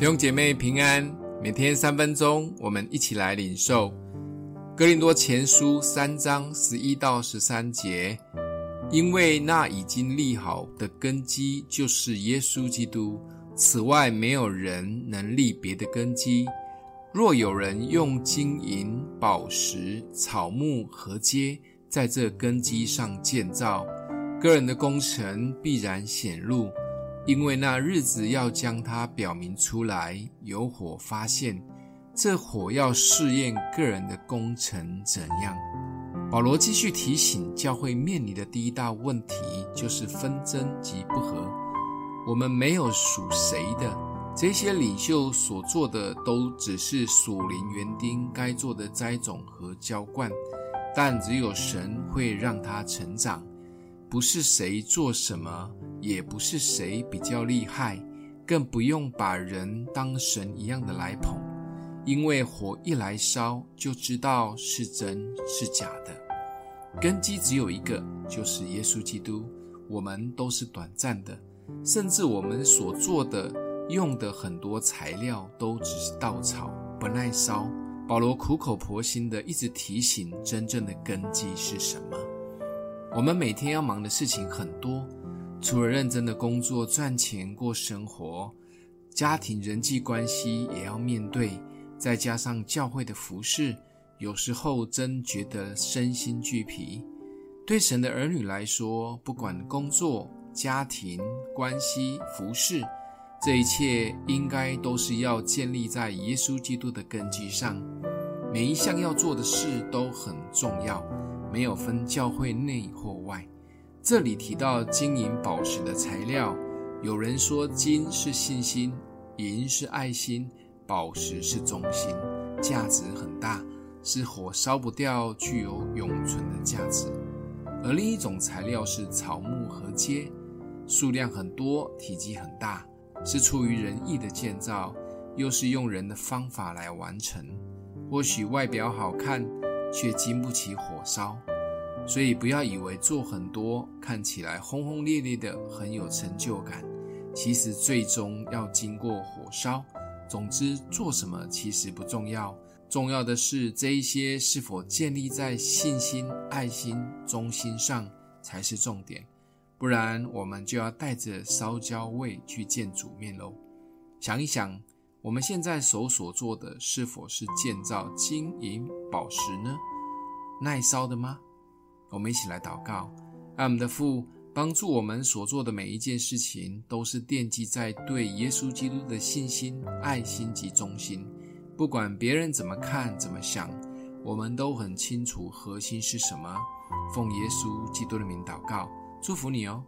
弟兄姐妹平安，每天三分鐘，我們一起來領受哥林多前書三章十一到十三節。因為那已經立好的根基就是耶穌基督，此外沒有人能立別的根基。若有人用金銀寶石草木禾秸在這根基上建造，各人的工程必然顯露。因為那日子要將他表明出來，有火發現，這火要試驗各人的工程怎樣。保羅繼續提醒教會面臨的第一大問題就是紛爭及不合。我們沒有屬誰的，這些領袖所做的都只是屬靈園丁該做的栽種和澆灌，但只有神會讓它成長，不是誰做什麼。也不是誰比較厲害，更不用把人當神一樣的來捧，因為火一來燒就知道是真是假的。根基只有一個，就是耶穌基督。我們都是短暫的，甚至我們所做的用的很多材料都只是稻草，不耐燒。保羅苦口婆心的一直提醒，真正的根基是什麼？我們每天要忙的事情很多。除了認真的工作、賺錢、過生活，家庭、人際關係也要面對，再加上教會的服事，有時候真覺得身心俱疲。對神的兒女來說，不管工作、家庭、關係、服事，這一切應該都是要建立在耶穌基督的根基上。每一項要做的事都很重要，沒有分教會內或外。這裡提到金銀寶石的材料，有人說金是信心，銀是愛心，寶石是忠心，價值很大，是火燒不掉，具有永存的價值。而另一種材料是草木禾秸，數量很多，體積很大，是出於人意的建造，又是用人的方法來完成，或許外表好看，卻經不起火燒。所以不要以為做很多，看起來轟轟烈烈的很有成就感，其實最終要經過火燒。總之，做什麼其實不重要，重要的是這一些是否建立在信心、愛心、忠心上才是重點。不然，我們就要帶着燒焦味去見主面嘍。想一想，我們現在手所做的是否是建造金銀寶石呢？耐燒的嗎？我們一起來禱告，愛我們的父，幫助我們所做的每一件事情，都是奠基在對耶穌基督的信心、愛心及忠心。不管別人怎麼看、怎麼想，我們都很清楚核心是什麼。奉耶穌基督的名禱告，祝福你哦。